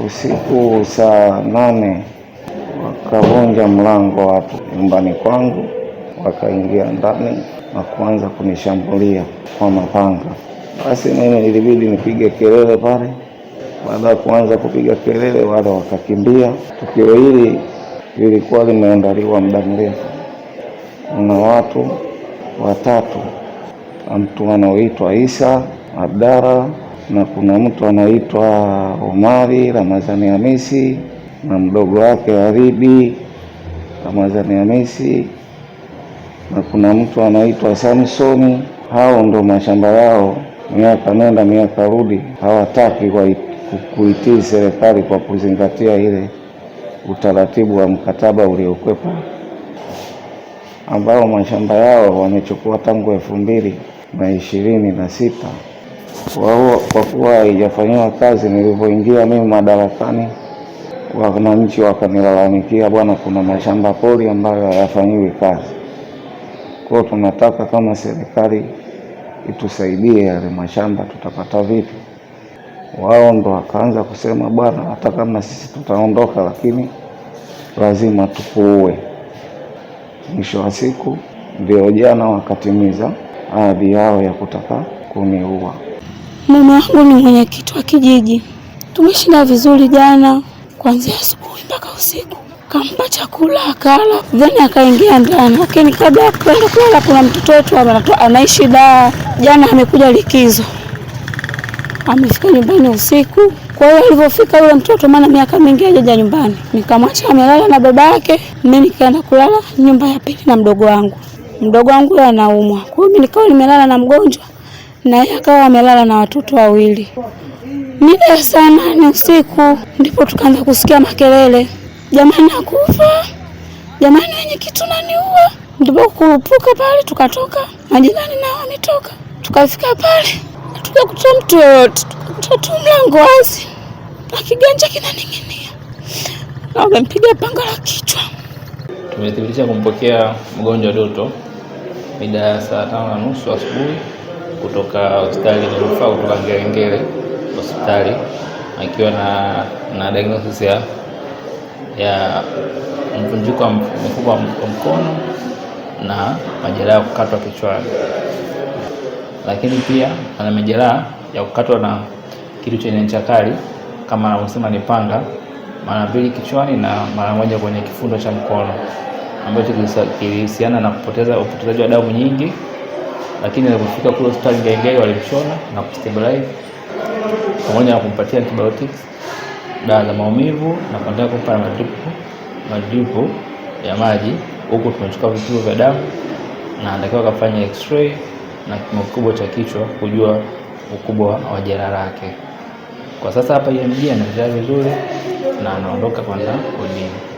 Usiku saa nane wakavunja mlango hapo nyumbani kwangu, wakaingia ndani na kuanza kunishambulia kwa mapanga. Basi mimi ilibidi nipige kelele pale. Baada ya kuanza kupiga kelele, wale wakakimbia. Tukio hili lilikuwa limeandaliwa muda mrefu na watu watatu, mtu anaoitwa Isa Abdara na kuna mtu anaitwa Omari Ramadhani Hamisi na mdogo wake Aribi Ramadhani Hamisi na kuna mtu anaitwa Samsoni. Hao ndo mashamba yao, miaka nenda miaka rudi. Hawataki kuitii serikali kwa kuzingatia ile utaratibu wa mkataba uliokwepa ambao mashamba yao wamechukua tangu elfu mbili na ishirini na sita kwa kuwa haijafanyiwa kazi. Nilivyoingia mimi madarakani, wananchi wakanilalamikia, bwana, kuna mashamba pori ambayo hayafanyiwi kazi. Kwa tunataka kama serikali itusaidie yale mashamba, tutapata vipi? Wao ndo wakaanza kusema, bwana, hata kama sisi tutaondoka, lakini lazima tukuue. Mwisho wa siku ndio jana wakatimiza ahadi yao ya kutaka kuniua. Mume wangu ni mwenyekiti wa kijiji, tumeshinda vizuri jana, kuanzia asubuhi mpaka usiku. Kampa chakula akala, then akaingia ndani. Lakini kabla ya kwenda kulala, kuna mtoto wetu anaishi daa, jana amekuja likizo, amefika nyumbani usiku. Kwa hiyo alivyofika yule mtoto, maana miaka mingi hajaja nyumbani, nikamwacha amelala na baba yake, mimi nikaenda kulala nyumba ya pili na mdogo wangu. Mdogo wangu anaumwa, kwa hiyo mimi nikawa nimelala na mgonjwa naye akawa amelala na watoto wawili. Mida ya saa nane usiku ndipo tukaanza kusikia makelele, jamani nakufa, jamani wenye kitu naniua. Ndipo kurupuka pale, tukatoka majirani nao wametoka, tukafika pale tukakuta mtu yoyote, tukakuta tu mlango wazi na kiganja kinaning'inia na wamempiga panga la kichwa. Tumethibitisha kumpokea mgonjwa Doto mida ya saa tano na nusu asubuhi kutoka hospitali ya rufaa kutoka Ngerengere hospitali akiwa na, na diagnosis ya, ya mvunjiko wa wa mkono na majeraha ya kukatwa kichwani, lakini pia ana majeraha ya kukatwa na kitu chenye ncha kali kama anavyosema ni panga, mara mbili kichwani na mara moja kwenye kifundo cha mkono ambacho kilihusiana na kupoteza upotezaji wa damu nyingi lakini alipofika kule hospitali Ngaingai walimchona na kustabilize pamoja na kumpatia antibiotics, dawa za maumivu na kuendelea kumpa madripu madripu ya maji, huku tumechukua vipimo vya damu na anatakiwa akafanya x-ray na kipimo kikubwa cha kichwa kujua ukubwa wa jeraha lake. Kwa sasa hapa EMG anaendelea vizuri na anaondoka kwenda kodini.